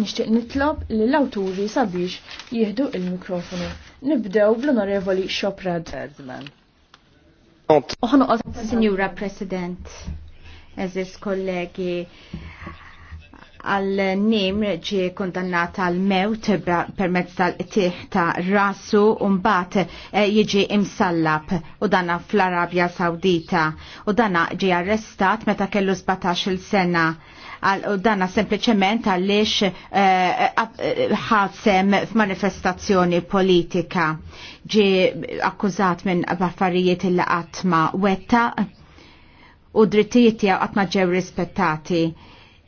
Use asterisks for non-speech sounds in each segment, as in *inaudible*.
nixtieq nitlob li l-awturi sabiex jieħdu il-mikrofonu. Nibdew bl-Onorevoli Xoprad. Oħnoqot, Signora President, eżis kollegi, għal-nim ġi kondannat għal mewt permezz tal-tiħ ta' rasu bat eh, jiġi imsallab u dana fl-Arabja Saudita u dana ġi arrestat meta kellu 17 il-sena u dana sempliciment għalix eh, eh, ħadsem f'manifestazzjoni politika ġi akkużat minn baffarijiet il-qatma wetta u drittijiet tiegħu qatt ma ġew rispettati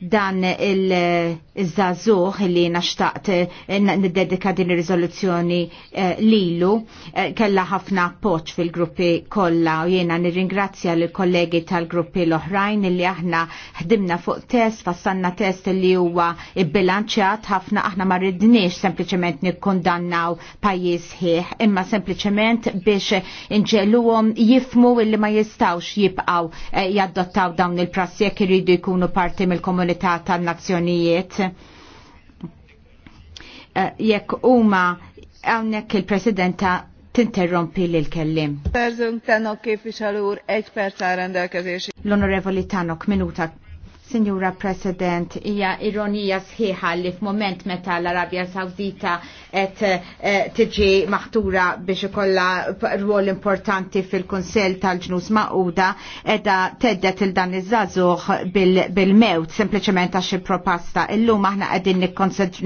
dan il- iż żagħżugħ li naxtaqt eh, niddedika din ir-riżoluzzjoni eh, lilu eh, kella ħafna appoġġ fil-gruppi kollha u jiena nirringrazzja l kollegi tal-gruppi l-oħrajn li aħna ħdimna fuq test, fassanna test li huwa bbilanċjat ħafna aħna ma rridniex sempliċement nikkundannaw pajjiż ħieħ, imma sempliċement biex inġeluhom jifmu illi ma jistawx jibqgħu jaddottaw dawn il-prassi jekk iridu jkunu parti mill-komunità tan-nazzjonijiet Eh, jekk huma hawnhekk il-Presidenta tinterrompi lil kellim. Perżun Tanok kif úr, egy perc áll L-Onorevoli Tanok, minuta. Signora President, hija ironija sħiħa li f'moment meta l-Arabja Sawdita qed eh, tiġi maħtura biex ikollha rwol importanti fil-Kunsell tal-Ġnus Maquda edha teddet il dan iż żazuħ bil-mewt sempliċement għax il propasta. Illum aħna qegħdin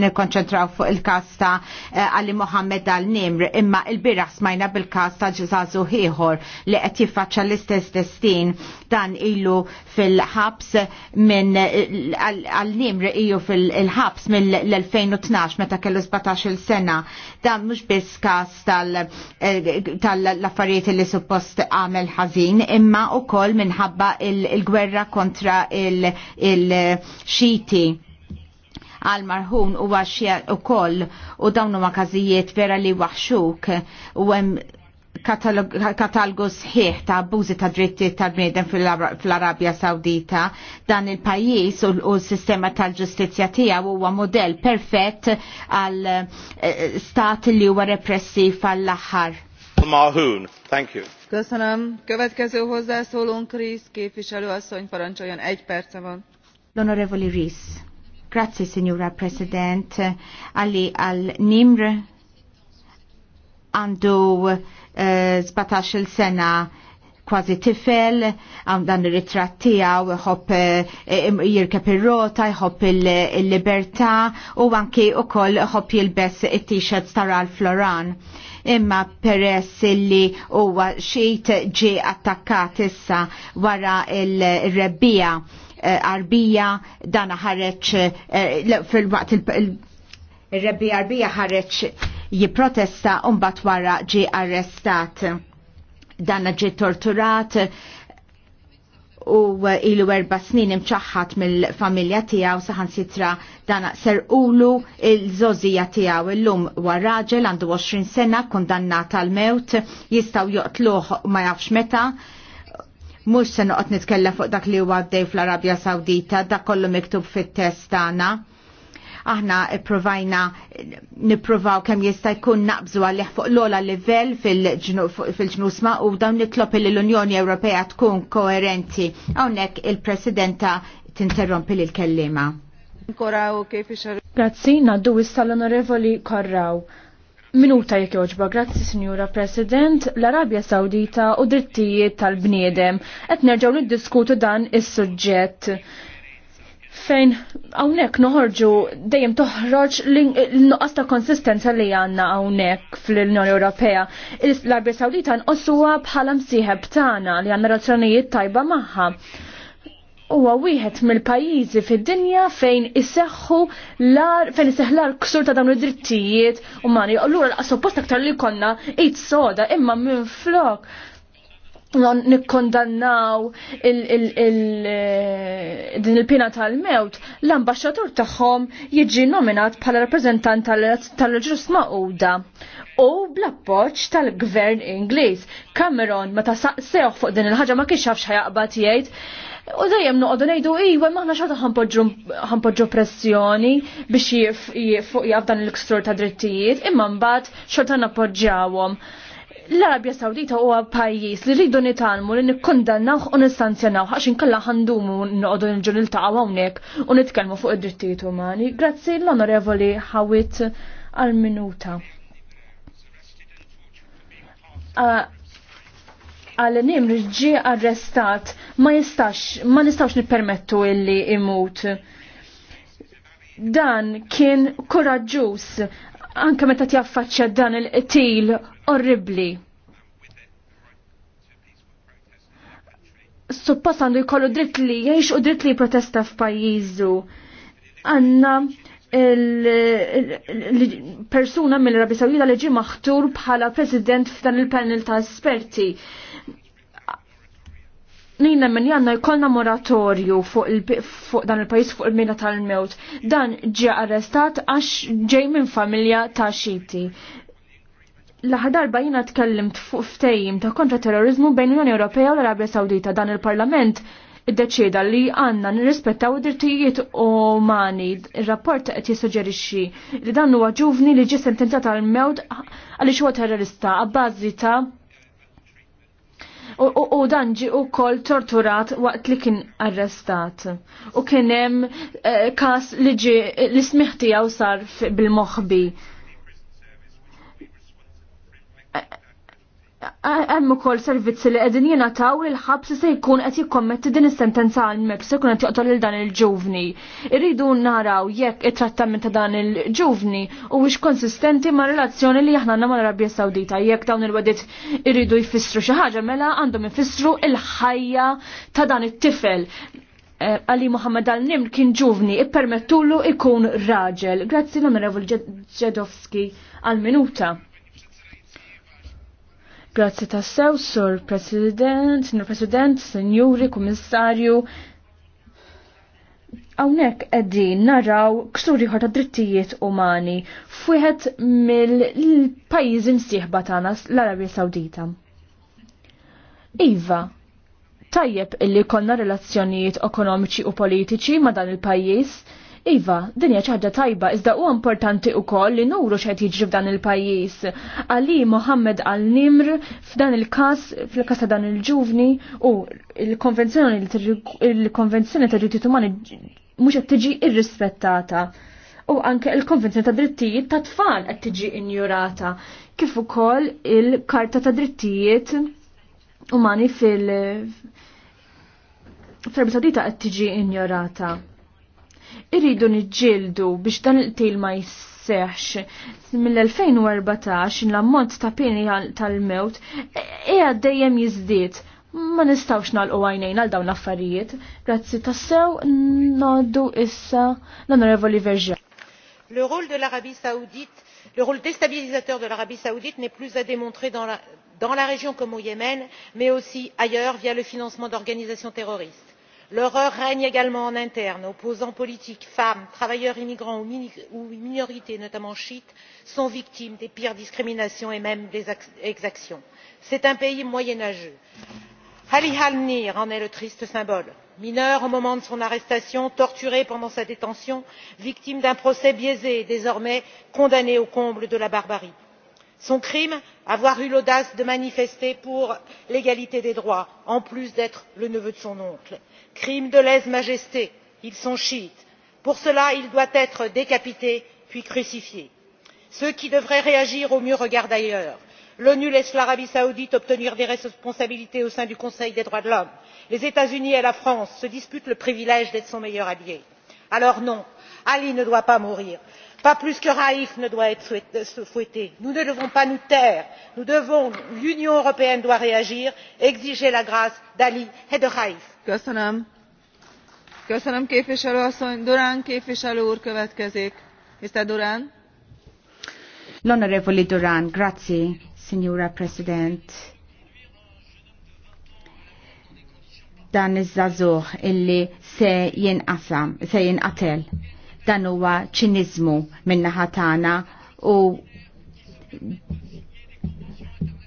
nikkonċentraw fuq il-każ ta' eh, Ali Mohammed nimr imma il-biraħ smajna bil-każ ta' ġiżagħżugħ ieħor li qed jiffaċċa l-istess destin dan ilu fil-ħabs minn għal-Nimr eh, iju fil-ħabs mill-2012 meta kellu 17 il sena. Dan mhux bis każ eh, tal-affarijiet li suppost għamel ħażin, imma wkoll minħabba il-gwerra kontra il-xiti għal marħun u għaxja u koll u dawnu ma kazijiet vera li waħxuk u għem katalgu sħiħ ta' abbużi ta' dritti tal-bniedem fil arabja Saudita Dan il-pajis u s-sistema tal-ġustizja tiegħu huwa model perfett għal eh, stat li huwa repressiv għall-aħħar. Mahun, thank you. Köszönöm. Következő hozzászólónk Rész képviselő asszony parancsoljon, egy perce van. L'onorevoli Rész. Grazie, signora President. Ali al-Nimr għandu 17 sena kważi tifel, għam dan ir-ritratt tiegħu jħobb eh, jirkep ir-rota, jħobb il-libertà u u wkoll jħob jilbess it t shirt ta' l-Floran. Imma peress li huwa xejt ġi attakkat issa wara il-rebbija eh, arbija dan ħareġ eh, fil-waqt il-rebbija arbija ħareġ jiprotesta un wara ġi arrestat. Danna ġi torturat, u ilu erba snin imċaħħat mill-familja tijaw saħan sitra dana ser ulu il-żozzija tijaw il-lum warraġel għandu 20 sena kondannat tal mewt jistaw joqtluħ ma jafx meta mux sen uqt nitkella fuq dak li huwa għaddej fl-Arabja Sawdita dak kollu miktub fit-test tagħna Aħna provajna niprovaw kemm jista' jkun naqbżu għalih fuq l-ola livell fil-ġnus u dawn nitlob li l-Unjoni Ewropea tkun koerenti. Hawnhekk il-Presidenta tinterrompi lil kellima. Grazzi, naddu issa l-Onorevoli Korraw. Minuta jek joġba, grazzi Signora President, l-Arabja Sawdita u drittijiet tal-bniedem. Et nerġaw niddiskutu dan is-suġġett fejn hawnhekk noħorġu dejjem toħroġ l-nuqqas ta' konsistenza li għandna hawnhekk fl-Unjoni Ewropea. L-Arabja Sawdita nqossuha bħala msieħeb tagħna li għandna relazzjonijiet tajba magħha. Huwa wieħed mill-pajjiżi fid-dinja fejn iseħħu l-ar fejn iseħħlar ksur ta' dawn id-drittijiet umani. Allura l-qas suppost aktar li konna id soda imma minn flok nikkondannaw eh, din il-pina tal-mewt, l-ambasċatur tagħhom jiġi nominat bħala rappreżentant tal-ġus maquda u bl tal-gvern Ingliż. Cameron meta saqsejh fuq din il-ħaġa ma kienx ħajaqbat jgħid. U dejjem noqogħdu ngħidu iwa maħna xorta ħanpoġġu pressjoni biex jaf dan l-kstur ta' drittijiet imma mbagħad xorta nappoġġjawhom l-Arabja Sawdita huwa pajjiż li rridu nitalmu li nikkundannaw u nistanzjanaw għax inkella ħandumu noqogħdu nġu niltaqgħu hawnhekk u nitkellmu fuq id-drittijiet umani. Grazzi l-Onorevoli Ħawit għal-minuta għal nim ġi arrestat ma jistax, ma nistax nippermettu illi imut. Dan kien koraġġuż anke meta tjaffaċċa dan il-qtil orribli. Suppost għandu jkollu dritt li jgħix u dritt li protesta f'pajjiżu. għandna il-persuna mill-Rabi Sawjida li ġi maħtur bħala president f'dan il-panel ta' esperti. Nina minn janna jkollna moratorju fuq, il, fuq dan il-pajis fuq il-mina tal-mewt. Dan ġie arrestat għax ġej minn familja ta' xiti. L-ħadarba jiena tkellimt fuq ftejim ta' kontra terrorizmu bejn l-Unjoni Ewropea u l-Arabja Sawdita dan il-Parlament iddeċieda li għanna nirrispettaw id-drittijiet umani. Il-rapport qed jissuġġerixxi li dan huwa ġuvni li ġie sentenzjat għal-mewt għaliex huwa terrorista għabbażi ta' u dan u kol torturat waqt li kien arrestat. U kienem eh, kas li ġi li għaw sar bil-moħbi. hemm ukoll servizzi li qegħdin jingħataw il ħabs se jkun qed jikkommetti din is-sentenza għal mek se jkun qed joqtol lil dan il-ġuvni. Irridu naraw jekk it-trattament ta' dan il-ġuvni huwiex konsistenti ma' relazzjoni li aħna għandna mal-Arabja Sawdita. Jekk dawn il-wedit irridu jfissru xi ħaġa mela għandhom ifissru il-ħajja ta' dan it-tifel. Eh, Ali Muhammad al-Nimr kien ġuvni ippermettulu ikun raġel. Grazzi l onorevol Ġedowski għal-minuta. Grazzi tassew, sur President, Sr. President, Senjuri, Kummissarju. Hawnhekk qegħdin naraw ksur ieħor ta' drittijiet umani f'wieħed mill-pajjiżi msieħba tagħna l-Arabja Sawdita. Iva, tajjeb illi konna relazzjonijiet ekonomiċi u politiċi ma' dan il-pajjiż, Iva, din hija ċaġġa tajba, iżda huwa importanti wkoll li nuru x'qed jiġri f'dan il-pajjiż. Ali Mohammed Al-Nimr f'dan il-każ fil-każ ta' dan il-ġuvni u il-konvenzjoni il-konvenzjoni ta' diritti umani mhux qed tiġi irrispettata. U anke il-konvenzjoni ta' drittijiet ta' tfal qed tiġi injurata kif ukoll il-karta ta' drittijiet umani fil- Fl-Arabia Saudita qed tiġi injorata. Irridu niġġieldu biex dan il-til ma jisseħx. Mill-2014 l-ammont ta' pieni tal-mewt eja e-, dejjem jizdiet. Ma nistawx nalqu għajnejn għal dawn l-affarijiet. Grazzi tassew noddu issa l-Onorevoli Verġa. Le rôle de l'Arabie saoudite, le rôle déstabilisateur de l'Arabie saoudite n'est plus à démontrer dans la, dans la région comme au Yémen, mais aussi ailleurs via le financement d'organisations terroristes l'horreur règne également en interne opposants politiques femmes travailleurs immigrants ou minorités notamment chiites sont victimes des pires discriminations et même des exactions. c'est un pays moyenâgeux. ali al en est le triste symbole mineur au moment de son arrestation torturé pendant sa détention victime d'un procès biaisé et désormais condamné au comble de la barbarie son crime avoir eu l'audace de manifester pour l'égalité des droits en plus d'être le neveu de son oncle. crime de lèse majesté ils sont chiites pour cela il doit être décapité puis crucifié. ceux qui devraient réagir au mieux regardent ailleurs l'onu laisse l'arabie saoudite obtenir des responsabilités au sein du conseil des droits de l'homme les états unis et la france se disputent le privilège d'être son meilleur allié. alors non ali ne doit pas mourir pas plus que raïf ne doit être fouetté. Euh, nous ne devons pas nous taire nous devons l'union européenne doit réagir exiger la grâce d'ali et de raïf. signora President. Dan iż-żagħżugħ illi se jinqatel Dan huwa ċinizmu min-naħa tagħna u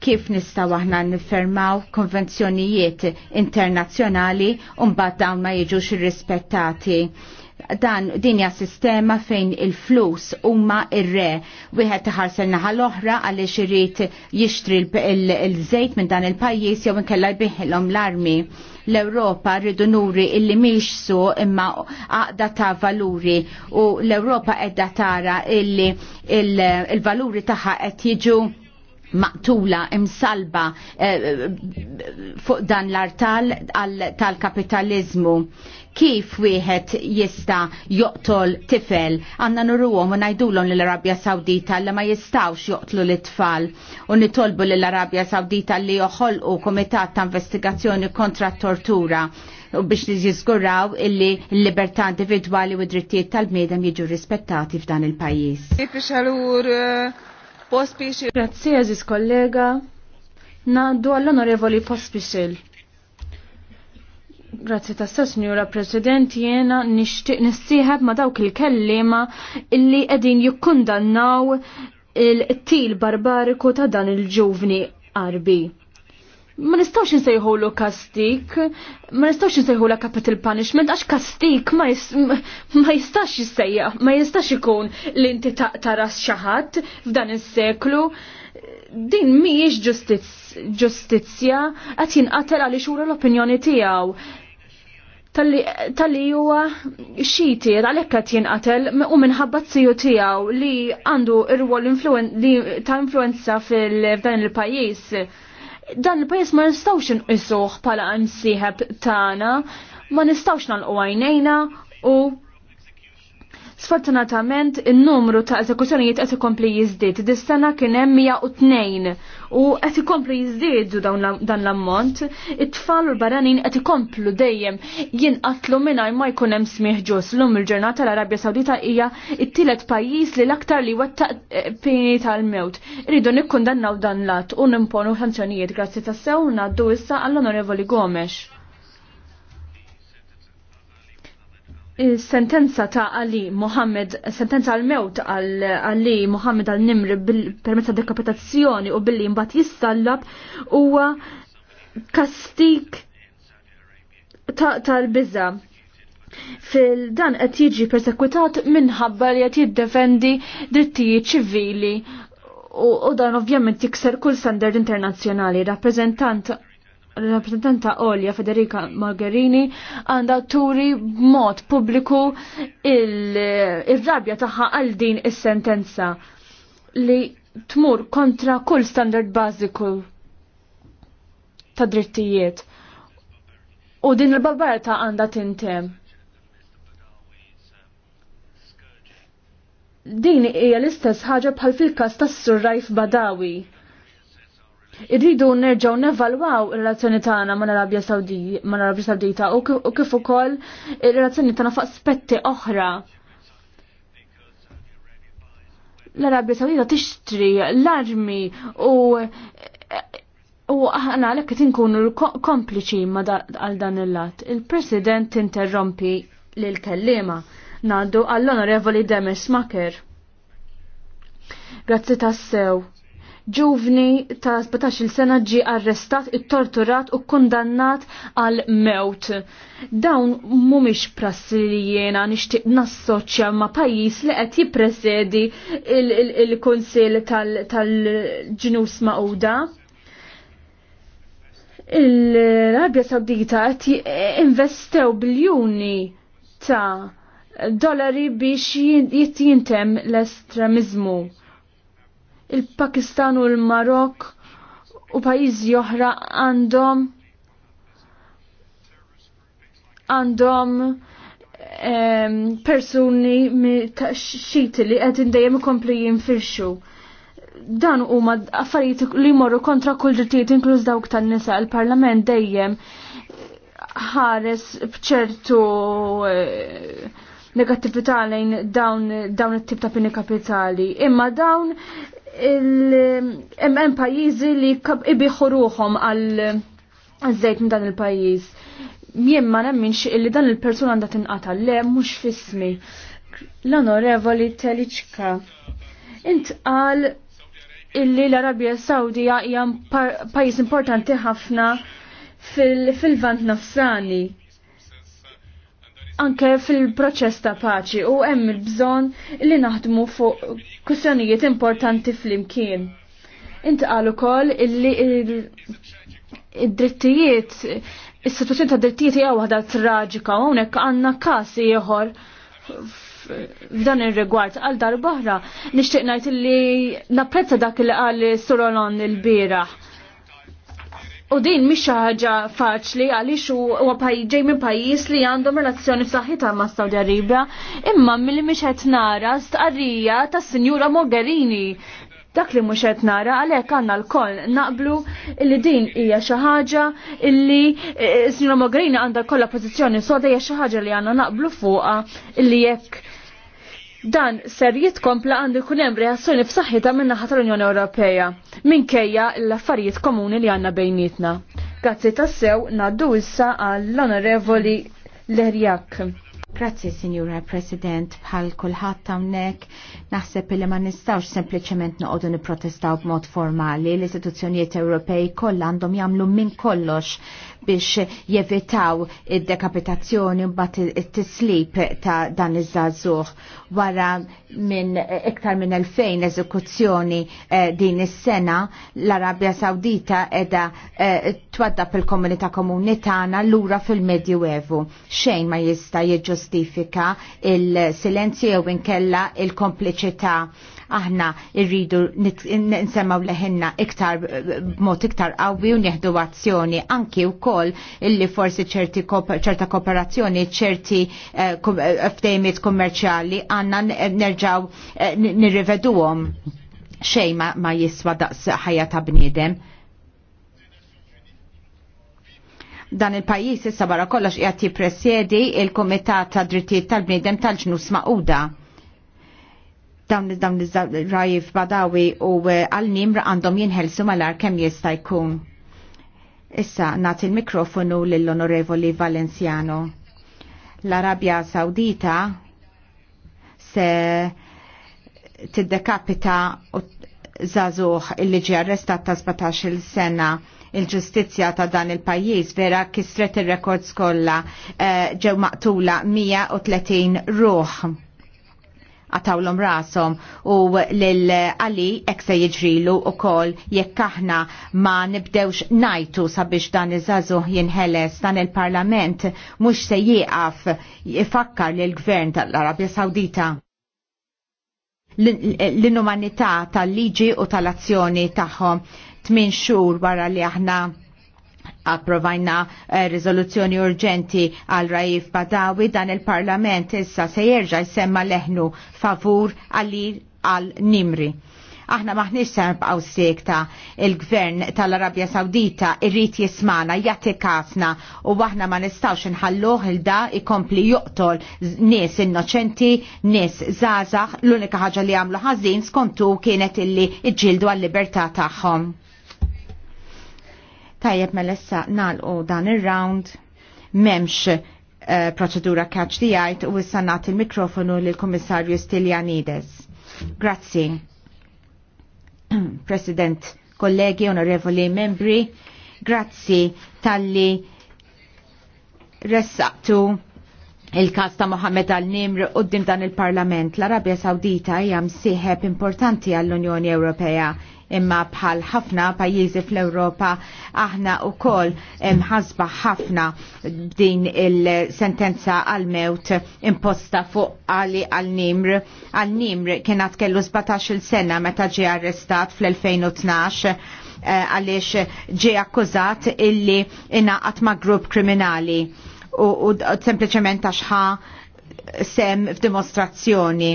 kif nistaw aħna niffermaw konvenzjonijiet internazzjonali un dawn ma jiġux irrispettati. rispettati dan dinja sistema fejn il-flus umma ir-re. Wieħed taħarsel naħa l-oħra għaliex irid jixtri l-żejt minn dan il-pajjiż jew inkella jbiħilhom l-armi. L-Ewropa rridu nuri illi miex su imma għaqda ta' valuri u l-Ewropa edda tara illi il-valuri tagħha qed jiġu maqtula imsalba eh, fuq dan l-artal tal-kapitalizmu. Kif wieħed jista joqtol tifel? Għanna nurruhom u ngħidulhom lill arabja Sawdita li ma jistawx joqtlu l-tfal u nitolbu lill arabja Sawdita li joħolqu komitat ta' investigazzjoni kontra t tortura u biex li jizguraw illi l-libertà individwali u drittijiet tal-bniedem jiġu rispettati f'dan il-pajjiż. Pospiċil. Grazie, aziz kollega. Naddu għall-onorevoli Pospisil. Grazie tassew, signora President, jena nishtiq nissiħab ma dawk il-kellima illi edin jikkundannaw il-til barbariku ta' dan il-ġuvni qarbi ma nistawx l kastik, ma nistawx l capital punishment, għax kastik ma, jistax jissejja, ma jistax ikun li inti taras xaħat f'dan is-seklu. Din miex ġustizzja għat jinqatel għal xura l-opinjoni tijaw. Tal-li juwa xiti, għalhekk qed jinqatel u minħabba siju tiegħu li għandu ir-rwol ta' influenza fil-dan il-pajjiż dan il-pajis ma nistawx nqisuh pala msieħeb tagħna, ma nistawx nalqu għajnejna u Sfortunatament, il-numru ta' eżekuzzjonijiet qed ikompli jiżdied. Dis-sena kien hemm 102 u qed ikompli jiżdiedu dan l-ammont. It-tfal u l-baranin qed ikomplu dejjem jinqatlu mingħajr ma jkun hemm smieħ ġus. Lum il-ġurnata l-Arabja Sawdita hija t-tielet pajjiż li l-aktar li wettaq eh, pini tal-mewt. Irridu nikkundannaw dan l-att u nimponu sanzjonijiet grazzi tassew ngħaddu issa għall-Onorevoli Gomes. sentenza ta' Ali Mohammed, sentenza għal mewt għal Ali Mohammed għal Nimri permezz dekapitazzjoni u billi mbagħad jistallab huwa kastik tal biza Fil-dan qed jiġi persekwitat minħabba li qed jiddefendi drittijiet ċivili u dan ovvjament jikser kull standard internazzjonali. Rappreżentant rappresentanta Olja Federica Margherini għanda turi b'mod pubbliku il-rabja il taħħa għal din is-sentenza li tmur kontra kull standard bażiku ta' drittijiet. U din il-barbarta għanda tintem. Din hija l-istess ħaġa bħal fil-każ tas-surrajf Badawi Irridu nerġgħu nevalwaw ir-relazzjoni tagħna mal-Arabja Sawdita u kif ukoll ir-relazzjoni tagħna fuq aspetti oħra. L-Arabja Sawdita tixtri l-armi u U aħna għalek inkunu kompliċi ma għal dan il-lat. Il-President interrompi lil kellima naddu għall-Onorevoli Demes Maker. Grazzi tassew ġuvni ta' 17 sena ġi arrestat, torturat u kondannat għal mewt. Dawn mumiex prassi li jena nishtiq nassoċja ma' pajis li qed jipresedi il-konsil il-Kunsil tal-ġnus Mauda. il arabja Saudita qed investew biljuni ta' dollari biex jintem l-estremizmu il-Pakistan u l-Marok u pajjiżi oħra għandhom għandhom persuni xiti li qegħdin dejjem kompli jinfirxu. Dan huma affarijiet li jmorru kontra kull drittijiet inkluż dawk tan-nisa. Il-Parlament dejjem ħares bċertu eh, negattività lejn dawn, dawn it-tip ta' pini kapitali. Imma dawn Il hemm pajjiżi li ibiħu ruhom għal żejt minn dan il-pajjiż. Jien ma nemminx illi dan il-persuna għandha tinqata' le mhux fismi. L-onorevoli Teliċka. Int qal illi l-Arabja Sawdija hija pajjiż importanti ħafna fil-vant nafsani anke fil-proċess ta' paċi u hemm il-bżonn li naħdmu fuq kwistjonijiet importanti fl-imkien. Inti għal ukoll illi id-drittijiet, is-situazzjoni ta' drittijiet hija waħda traġika hawnhekk għandna każ ieħor f'dan ir-rigward għal darbaħra nixtieq ngħid illi napprezza dak li qal Surolon il-bieraħ U din mhix ħaġa faċli għaliex huwa ġej minn pajjiż li għandhom relazzjoni saħħita ma' Saudi Arabia, imma milli mhix qed nara stqarrija tas-Sinjura Mogherini. Dak li mhux qed nara għalhekk għandna lkoll naqblu li din hija xi ħaġa illi e, Sinjura Mogherini għandha kollha pożizzjoni soda hija xi ħaġa li għandna naqblu fuqha illi jekk dan ser jitkompla għandu jkun hemm reazzjoni f'saħħitha minn naħa tal-Unjoni Ewropea minkejja l-affarijiet komuni li għandna bejnietna. Grazzi tassew naddu issa għall-Onorevoli Lerjak. Grazzi, Signora President, bħal kulħadd hawnhekk naħseb li ma nistgħux sempliċement noqogħdu nipprotestaw b'mod formali l-istituzzjonijiet Ewropej kollha għandhom jagħmlu minn kollox biex jevitaw id-dekapitazzjoni mbagħad it-tislib ta' dan iż-żagħżugħ wara minn iktar minn 2000 eżekuzzjoni eh, din is-sena l-Arabja Sawdita edha eh, twadda fil-komunità komuni tagħna lura fil-Medju Evu. Xejn ma jista' jiġġustifika il-silenzju jew inkella il-kompliċità il kompliċità aħna irridu nsemmaw leħenna iktar mod iktar qawwi u nieħdu azzjoni anki wkoll illi forsi ċerti ċerta kooperazzjoni ċerti eh, eh, ftejmiet kummerċjali għandna eh, nerġaw nirriveduhom xejn ma jiswa daqs ħajja ta' bniedem dan il-pajis issa barra kollox qiegħed jippresjedi il-Kumitat ta' Drittijiet tal-Bniedem tal-Ġnus Maquda dawn dawn rajif badawi u eh, għal-nimra għandhom jinħelsu mal-ar kem jista' jkun. Issa nagħti il-mikrofonu lill-Onorevoli Valenziano. L-Arabja Sawdita se tiddekapita u zazuħ illi ġie arrestat ta' 17 il sena il-ġustizja ta' dan il-pajjiż vera kisret ir rekords kollha eh, ġew maqtula 130 ruħ għatawlom rasom u l-għali ekse jġrilu u kol jekk aħna ma nibdewx najtu sabiex dan iż-żazu jinħeles dan il-parlament mux se jieqaf jifakkar l gvern tal-Arabja Sawdita l-inumanità tal-liġi u tal-azzjoni tagħhom tmin xhur wara li aħna Approvajna eh, riżoluzzjoni urġenti għal Raif Badawi dan il-Parlament issa se jerġa' jsemma leħnu favur għalir għal Nimri aħna maħniċ serbqaw sekta il-gvern tal-Arabja Saudita irrit jismana jati kasna u aħna ma nistawx nħalluħ il-da ikompli juqtol nies innoċenti, nies zazax, l-unika ħaġa li għamlu ħazin skontu kienet illi iġildu għal-libertà tagħhom. Tajjeb mel-essa nalqu dan il-round memx eh, proċedura catch the eye u issa nagħti il-mikrofonu lill-Kummissarju Stiljanides. Grazzi. *clears throat* President, kollegi, onorevoli membri, grazzi tal-li ressaqtu il-kas ta' Mohammed al-Nimr qoddim dan il-Parlament. L-Arabja Sawdita hija msieħeb importanti għall-Unjoni Ewropea imma bħal ħafna pajjiżi fl-Ewropa aħna wkoll ħasba ħafna din il-sentenza għal-mewt imposta fuq għali għal-nimr. Għal-nimr kienet kellu 17 sena meta ġie arrestat fl-2012 eh, għaliex ġie akkużat illi inaqat ma' grupp kriminali u, u sempliciment għaxħa sem f'dimostrazzjoni.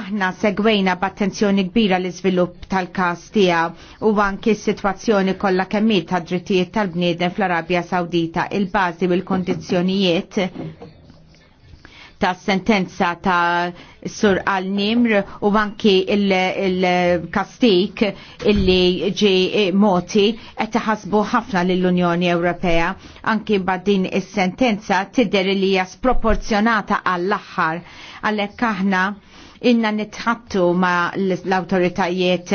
Aħna segwejna b'attenzjoni kbira l iżvilupp tal-kas tiegħu u anki s-sitwazzjoni kollha kemmil ta' drittijiet tal-bniedem fl-Arabja Sawdita, il-bażi u l-kondizzjonijiet ta' sentenza ta' sur għal nimr u banki il-kastik il illi ġi moti qed taħasbu ħafna lill-Unjoni Ewropea anki din is-sentenza tidher li hija sproporzjonata għall-aħħar għalhekk aħna inna nitħattu ma l-autoritajiet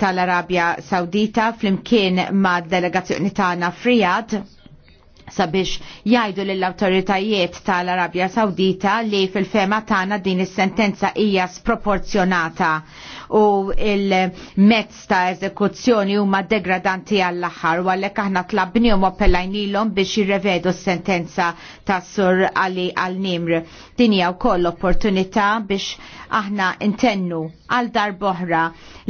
tal-Arabja Saudita flimkien ma delegazzjoni tagħna Friad sabiex jajdu l-autoritajiet tal-Arabja Saudita li fil-fema tana din is-sentenza hija sproporzjonata u il-mezz ta' eżekuzzjoni huma degradanti għall-aħħar u għalhekk aħna tlabnihom appellajnilhom biex jirrevedu s-sentenza ta' Sur Ali Al-Nimr. Din hija wkoll opportunità biex aħna intennu għal darboħra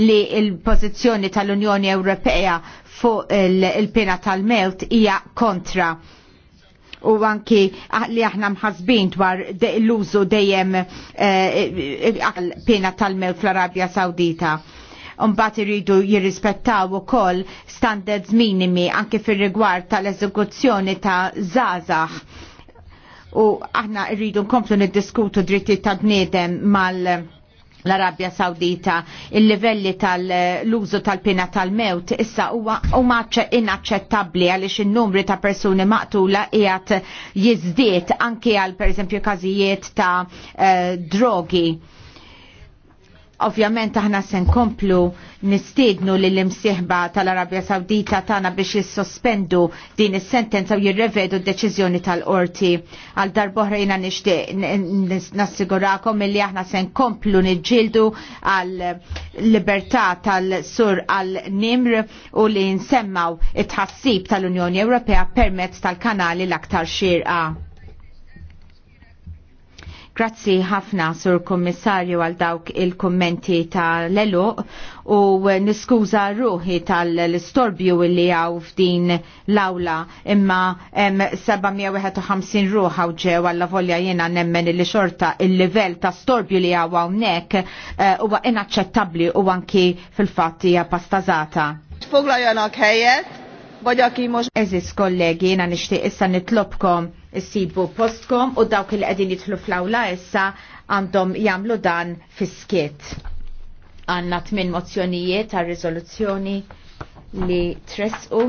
li l-pożizzjoni tal-Unjoni Ewropea fuq il-pena tal-mewt hija kontra u anki li aħna mħasbin dwar l-użu dejjem eh, eh, eh, pena tal-mewt fl-Arabja Sawdita. Umbat iridu jirrispettaw ukoll standards minimi anke fir-rigward tal-eżekuzzjoni ta' zazax u aħna rridu nkomplu niddiskutu drittijiet ta' bniedem mal- l-Arabja Sawdita il-livelli tal-użu tal-pina tal-mewt issa huwa huma inaċċettabbli għaliex in-numri ta' persuni maqtula qiegħed jiżdied anke għal pereżempju każijiet ta' eh, drogi Ovvjament aħna se nkomplu nistiednu l imsieħba tal-Arabja Sawdita tagħna biex jissospendu din is-sentenza u jirrevedu d-deċiżjoni tal-qorti. Għal darbohra jiena nixtieq nassigurakom milli aħna se nkomplu niġġieldu għal libertà tal-sur għal nimr u li nsemmaw it-ħassib tal-Unjoni Ewropea permezz tal-kanali l-aktar xirqa. Grazzi ħafna sur kommissarju għal dawk il-kommenti ta' l u niskuża ruħi tal-istorbju li għaw f'din l-awla imma 751 ruħa ġew għalla volja jena nemmen li xorta il-level ta' storbju li għaw għawnek eh, u inaċċettabli u anki fil-fatti għapastazata. Foglajanak helyet, vagy aki most... Eżis kollegi, jena nishtiq issa nitlobkom sibu postkom u dawk il qegħdin fl-awla issa għandhom jagħmlu dan fis-skiet. Għandna tmien mozzjonijiet ta' riżoluzzjoni li tresqu.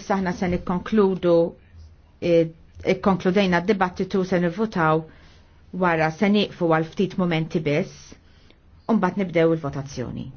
Issa aħna se nikkonkludu ikkonkludejna e, e, d-dibattitu se nivvotaw wara se nieqfu għal ftit momenti biss u mbagħad nibdew il-votazzjoni.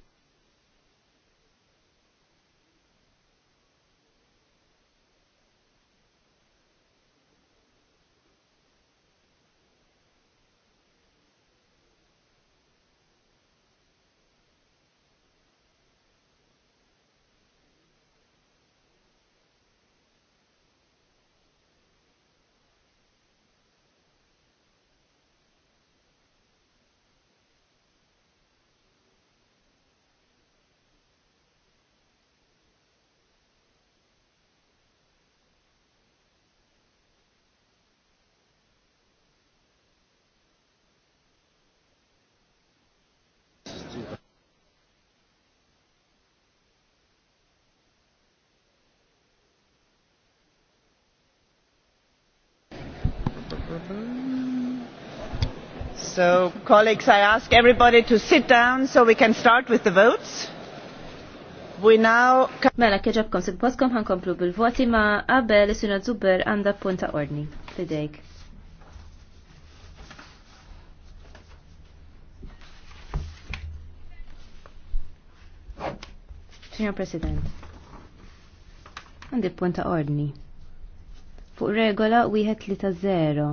So, colleagues, I ask everybody to sit down so we can start with the votes. We now... Mela, kieġabkom sibboskom ħankomplu bil-voti ma qabel is-suna Zuber għanda punta ordni. Fidejk. Signor President, għandi punta ordni. Fuq regola wieħed li ta' zero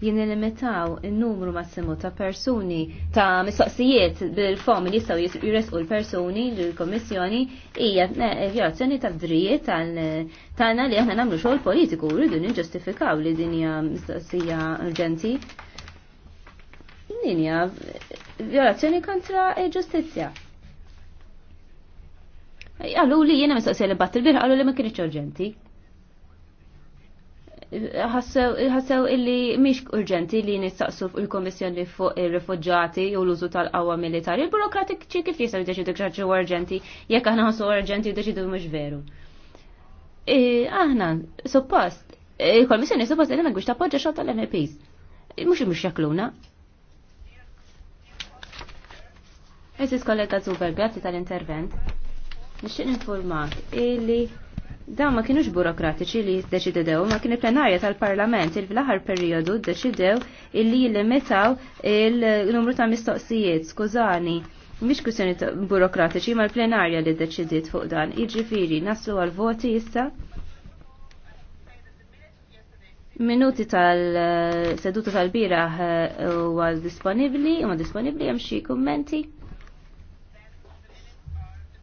jinilmitaw il-numru massimu ta' persuni ta' mistoqsijiet bil-fom li jistaw jiresqu l-persuni l-Komissjoni hija vjolazzjoni ta' drijiet tagħna li aħna nagħmlu xogħol politiku rridu niġġustifikaw li din hija mistoqsija urġenti. Din hija vjolazzjoni kontra ġustizzja. Għallu li jiena mistoqsija li battil bir għallu li ma kienieċ urġenti ħassew illi miex urġenti li nistaqsu fuq il-Komissjoni fuq ir refugġati u l-użu tal-qawwa militari. il ċi kif jistgħu jiddeċidu xi urġenti jekk aħna ħassu urġenti jiddeċidu mhux veru. E, aħna, suppost, il-Komissjoni suppost qegħdin għandux tappoġġa xogħol tal-MPs. Mhux mhux jakluna. Eżis kollega Zuber, grazzi tal-intervent. Nixtieq informak illi Dawn ma kienux burokratiċi li deċidew, ma kien il-plenarja tal-Parlament il-fl-aħħar perjodu deċidew illi jillimitaw il-numru ta' mistoqsijiet, skużani, mhix kwistjoni burokratiċi ma l-plenarja li deċidiet fuq dan. Jiġifieri naslu għal voti issa. Minuti tal-seduta tal-biraħ eh, huwa disponibbli, huma disponibbli hemm xi kummenti.